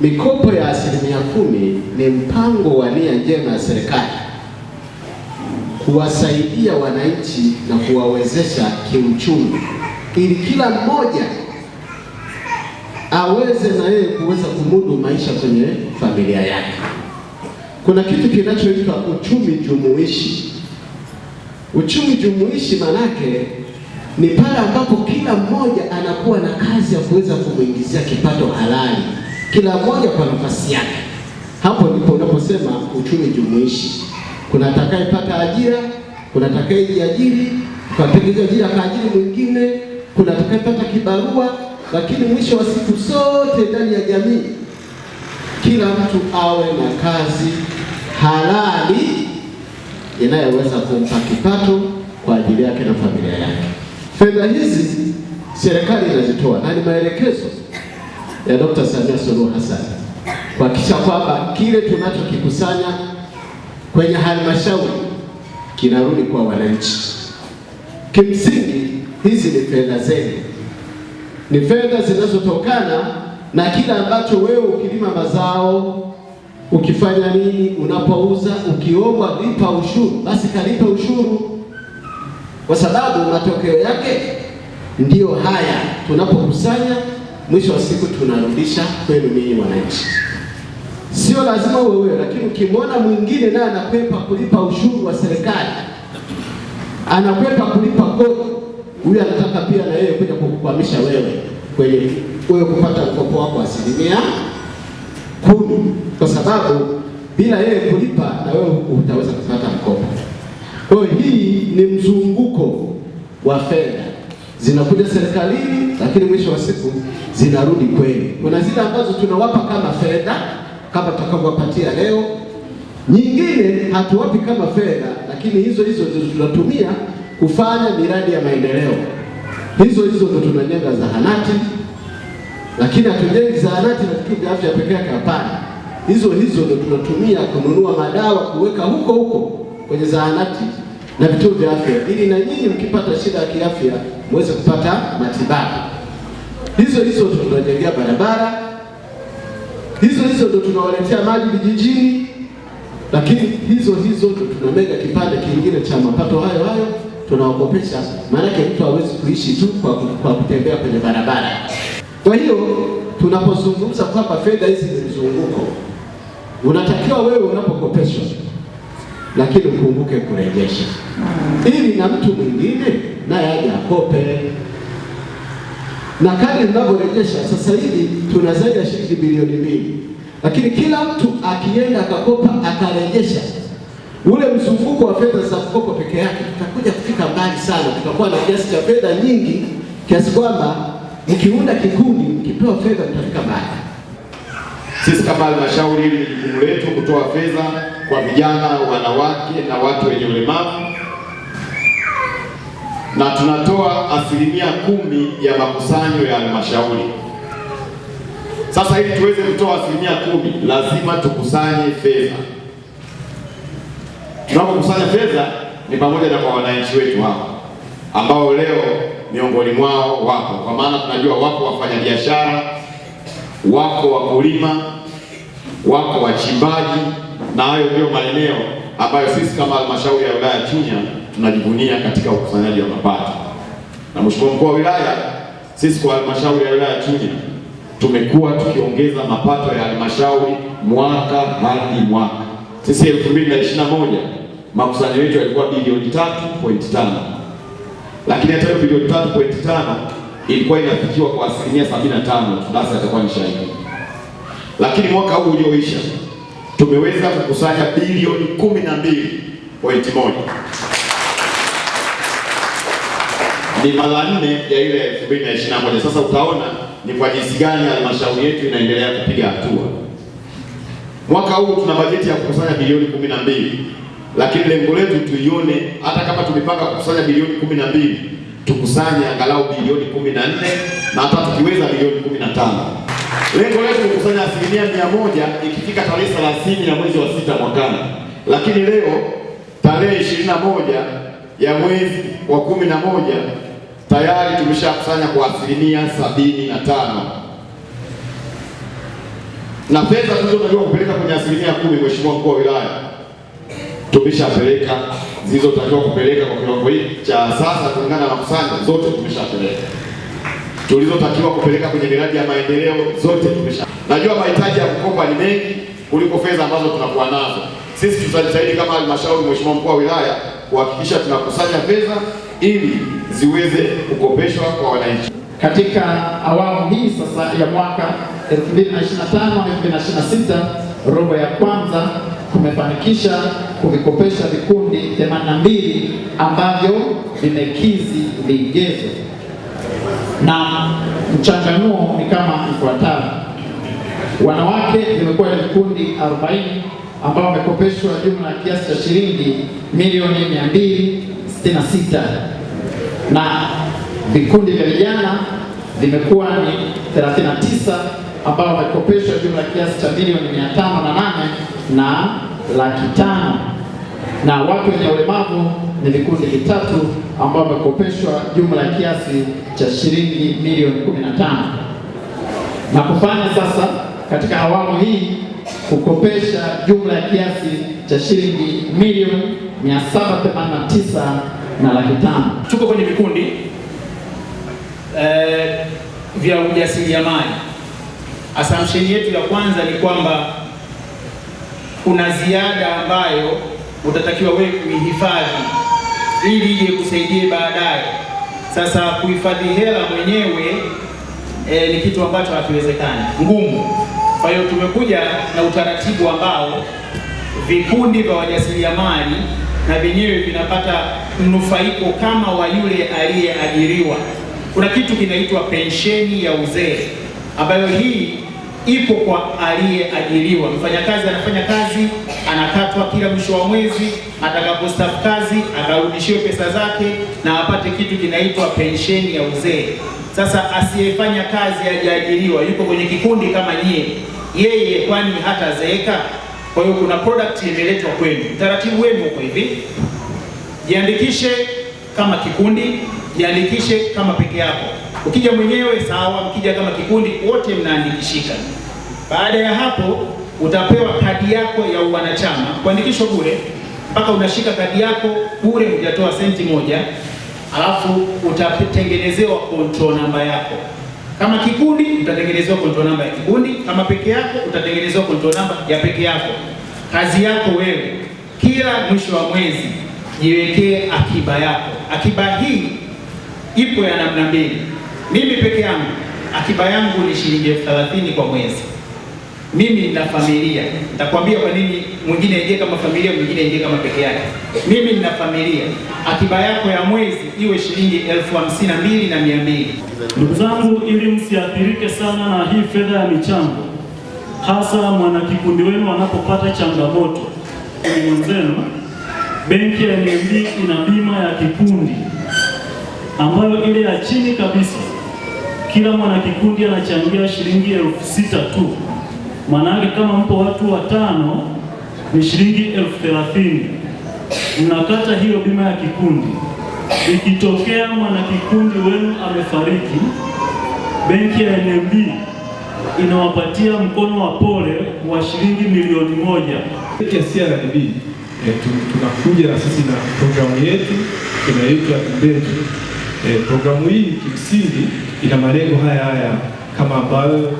Mikopo ya asilimia kumi ni mpango wa nia njema ya serikali kuwasaidia wananchi na kuwawezesha kiuchumi, ili kila mmoja aweze na yeye kuweza kumudu maisha kwenye familia yake. Kuna kitu kinachoitwa uchumi jumuishi. Uchumi jumuishi manake ni pale ambapo kila mmoja anakuwa na kazi ya kuweza kumwingizia kipato halali kila mmoja kwa nafasi yake. Hapo ndipo unaposema uchumi jumuishi. Kuna atakayepata ajira, kuna atakayejiajiri, tukatengeneza ajira ajili mwingine, kuna atakayepata kibarua, lakini mwisho wa siku sote ndani ya jamii kila mtu awe na kazi halali inayoweza kumpa kipato kwa ajili yake na familia yake. Fedha hizi serikali inazitoa na ni maelekezo ya Dr. Samia Suluhu Hassan kuhakikisha kwamba kile tunachokikusanya kwenye halmashauri kinarudi kwa wananchi. Kimsingi hizi ni fedha zenu, ni fedha zinazotokana na kile ambacho wewe ukilima mazao ukifanya nini, unapouza, ukiombwa lipa ushuru, basi kalipa ushuru, kwa sababu matokeo yake ndiyo haya tunapokusanya mwisho wa siku tunarudisha kwenu ninyi wananchi. Sio lazima wewe, lakini ukimwona mwingine naye anakwepa kulipa ushuru wa serikali, anakwepa kulipa kodi, huyu anataka pia na yeye kuja kukukwamisha wewe kwenye wewe kupata mkopo wako asilimia kumi, kwa sababu bila yeye kulipa na wewe hutaweza kupata mkopo. Kwa hiyo hii ni mzunguko wa fedha zinakuja serikalini, lakini mwisho wa siku zinarudi kwenu. Kuna zile ambazo tunawapa kama fedha kama tutakavyopatia leo, nyingine hatuwapi kama fedha, lakini hizo hizo ndizo tunatumia kufanya miradi ya maendeleo. Hizo hizo ndo tunajenga zahanati, lakini hatujengi zahanati na vituo vya afya peke yake, hapana. Hizo hizo ndo tunatumia kununua madawa kuweka huko huko kwenye zahanati na vituo vya afya, ili na nyinyi mkipata shida ya kiafya muweze kupata matibabu. Hizo hizo ndo tunajengea barabara, hizo hizo ndo tunawaletea maji vijijini, lakini hizo hizo ndo tunamega kipande kingine cha mapato hayo hayo tunawakopesha. Maanake mtu hawezi kuishi tu kwa, kwa kutembea kwenye barabara. Kwa hiyo tunapozungumza kwamba fedha hizi ni mzunguko, unatakiwa wewe unapokopeshwa lakini ukumbuke kurejesha, ili na mtu mwingine naye aje akope. Na kadri tunavyorejesha sasa hivi tuna zaidi ya shilingi bilioni mbili, lakini kila mtu akienda akakopa akarejesha, ule mzunguko wa fedha za mkopo peke yake, tutakuja kufika mbali sana, tutakuwa na kiasi cha fedha nyingi kiasi kwamba ukiunda kikundi, kipewa fedha, tutafika mbali. Sisi kama halmashauri, ni jukumu letu kutoa fedha kwa vijana, wanawake na watu wenye ulemavu, na tunatoa asilimia kumi ya makusanyo ya halmashauri. Sasa ili tuweze kutoa asilimia kumi, lazima tukusanye fedha. Tunapokusanya fedha ni pamoja na kwa wananchi wetu hapa ambao leo miongoni mwao wapo, kwa maana tunajua wapo wafanyabiashara, wako wakulima, wako wachimbaji na hayo ndio maeneo ambayo sisi kama halmashauri ya wilaya Chunya tunajivunia katika ukusanyaji wa mapato. Na mheshimiwa mkuu wa wilaya, sisi kwa halmashauri ya wilaya Chunya tumekuwa tukiongeza mapato ya halmashauri mwaka hadi mwaka. Sisi 2021 makusanyo yetu yalikuwa bilioni 3.5, lakini hata bilioni 3.5 ilikuwa inafikiwa kwa asilimia 75 tu, basi atakuwa ni shahidi. Lakini mwaka huu ulioisha tumeweza kukusanya bilioni kumi na mbili pointi moja ni mara nne ya ile elfu mbili na ishirini na moja. Sasa utaona ni kwa jinsi gani halmashauri yetu inaendelea kupiga hatua. Mwaka huu tuna bajeti ya kukusanya bilioni kumi na mbili, lakini lengo letu tuione, hata kama tumepanga kukusanya bilioni kumi na mbili, tukusanye angalau bilioni kumi na nne na hata tukiweza bilioni kumi na tano. Lengo letu kukusanya asilimia mia moja ikifika tarehe thelathini ya mwezi wa sita mwakani, lakini leo tarehe ishirini na moja ya mwezi wa kumi na moja tayari tumeshakusanya kwa asilimia sabini na tano na fedha tulizotakiwa kupeleka kwenye asilimia kumi, Mheshimiwa mkuu wa wilaya, tumeshapeleka zilizotakiwa kupeleka kwa kiwango hiki cha sasa kulingana na makusanyo zote tumeshapeleka tulizotakiwa kupeleka kwenye miradi ya maendeleo zote tumesha. Najua mahitaji ya kukopa ni mengi kuliko fedha ambazo tunakuwa nazo. Sisi tutajitahidi kama halmashauri, mheshimiwa mkuu wa wilaya, kuhakikisha tunakusanya fedha ili ziweze kukopeshwa kwa wananchi. Katika awamu hii sasa ya mwaka 2025 2026 robo ya kwanza kumefanikisha kuvikopesha vikundi 82 ambavyo vimekizi vigezo na mchanganuo ni kama ifuatavyo: wanawake zimekuwa ni kundi 40 ambao wamekopeshwa jumla ya kiasi cha shilingi milioni 266 na vikundi vya vijana vimekuwa ni 39 ambao wamekopeshwa jumla ya kiasi cha milioni 508 na laki tano na watu wenye ulemavu ni vikundi vitatu ambao wamekopeshwa jumla ya kiasi cha shilingi milioni 15 na kufanya sasa katika awamu hii kukopesha jumla ya kiasi cha shilingi milioni 789 na laki tano. Tuko kwenye vikundi eh, vya ujasiriamali. Assumption yetu ya kwanza ni kwamba kuna ziada ambayo utatakiwa wewe kuihifadhi ili ije kusaidie baadaye. Sasa kuhifadhi hela mwenyewe e, ni kitu ambacho hakiwezekani, ngumu. Kwa hiyo tumekuja na utaratibu ambao vikundi vya wajasiriamali na vyenyewe vinapata mnufaiko kama wa yule aliyeajiriwa. Kuna kitu kinaitwa pensheni ya uzee ambayo hii ipo kwa aliyeajiriwa. Mfanyakazi anafanya kazi anakatwa kila mwisho wa mwezi, atakapostafu kazi akarudishiwe pesa zake na apate kitu kinaitwa pensheni ya uzee. Sasa asiyefanya kazi, hajaajiriwa, yuko kwenye kikundi kama nyie, yeye kwani hatazeeka? Kwa hiyo kuna product imeletwa kwenu. Utaratibu wenu uko hivi: jiandikishe kama kikundi, jiandikishe kama peke yako. Ukija mwenyewe sawa, mkija kama kikundi wote mnaandikishika. Baada ya hapo utapewa kadi yako ya uwanachama, kuandikishwa bure mpaka unashika kadi yako bure, hujatoa senti moja. Alafu utatengenezewa control namba yako. Kama kikundi utatengenezewa control namba ya kikundi, kama peke yako utatengenezewa control namba ya peke yako. Kazi yako wewe, kila mwisho wa mwezi jiwekee akiba yako. Akiba hii ipo ya namna mbili. Mimi peke yangu akiba yangu ni shilingi elfu thelathini kwa mwezi. Mimi nina familia, nitakwambia kwa nini mwingine aingie kama familia, mwingine aingie kama peke yake. Mimi nina familia. Akiba yako ya mwezi iwe shilingi elfu hamsini na mbili na mia mbili. Ndugu zangu, ili msiathirike sana na hii fedha ya michango, hasa mwanakikundi wenu anapopata changamoto mwenzenu, benki ya NMB ina bima ya kikundi ambayo ile ya chini kabisa, kila mwanakikundi anachangia shilingi elfu sita tu Maanake kama mpo watu watano ni shilingi elfu thelathini mnakata hiyo bima ya kikundi. Ikitokea mwanakikundi wenu amefariki, benki ya NMB inawapatia mkono wa pole wa shilingi milioni moja. Ya CRDB eh, tunakuja na sisi na programu yetu inaitwa Mbetu. E, eh, programu hii kimsingi ina malengo haya haya kama ambayo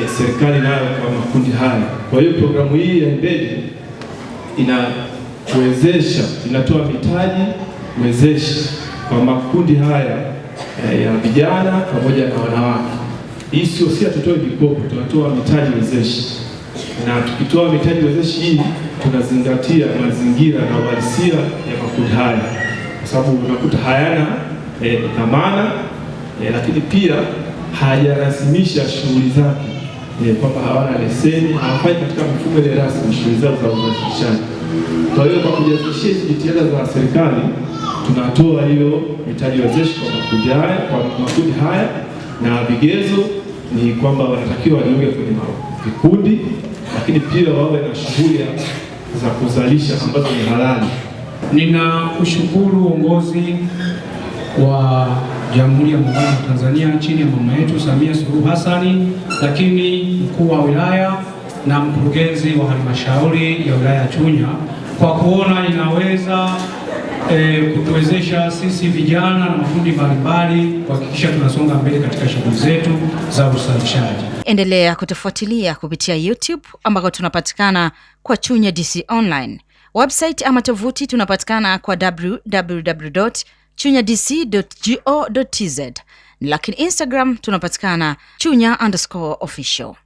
e, serikali nayo kwa makundi haya. Kwa hiyo programu hii ya Embedded inawezesha, inatoa mitaji wezeshi kwa makundi haya e, ya vijana pamoja na wanawake. Hii sio si hatutoe mikopo, tunatoa mitaji wezeshi, na tukitoa mitaji wezeshi hii tunazingatia mazingira na uhalisia ya makundi haya, kwa sababu unakuta hayana eh, dhamana e, e, lakini pia hajarasimisha shughuli zake kwamba hawana leseni, hawafai katika mfumo ile rasmi shughuli zao za uzalishaji. Kwa hiyo kwa kujazishia jitihada za serikali, tunatoa hiyo mitaji wezeshi kwa makundi haya, kwa makundi haya, na vigezo ni kwamba wanatakiwa wajiunge kwenye vikundi, lakini pia wawe na shughuli za kuzalisha ambazo ni halali. Ninakushukuru uongozi wa Jamhuri ya Muungano wa Tanzania chini ya mama yetu Samia Suluhu Hassani, lakini mkuu wa wilaya na mkurugenzi wa halmashauri ya wilaya ya Chunya kwa kuona inaweza e, kutuwezesha sisi vijana na makundi mbalimbali kuhakikisha tunasonga mbele katika shughuli zetu za usafishaji Endelea kutufuatilia kupitia YouTube ambako tunapatikana kwa Chunya DC Online website ama tovuti tunapatikana kwa www chunya dc.go.tz, lakini Instagram tunapatikana chunya underscore official.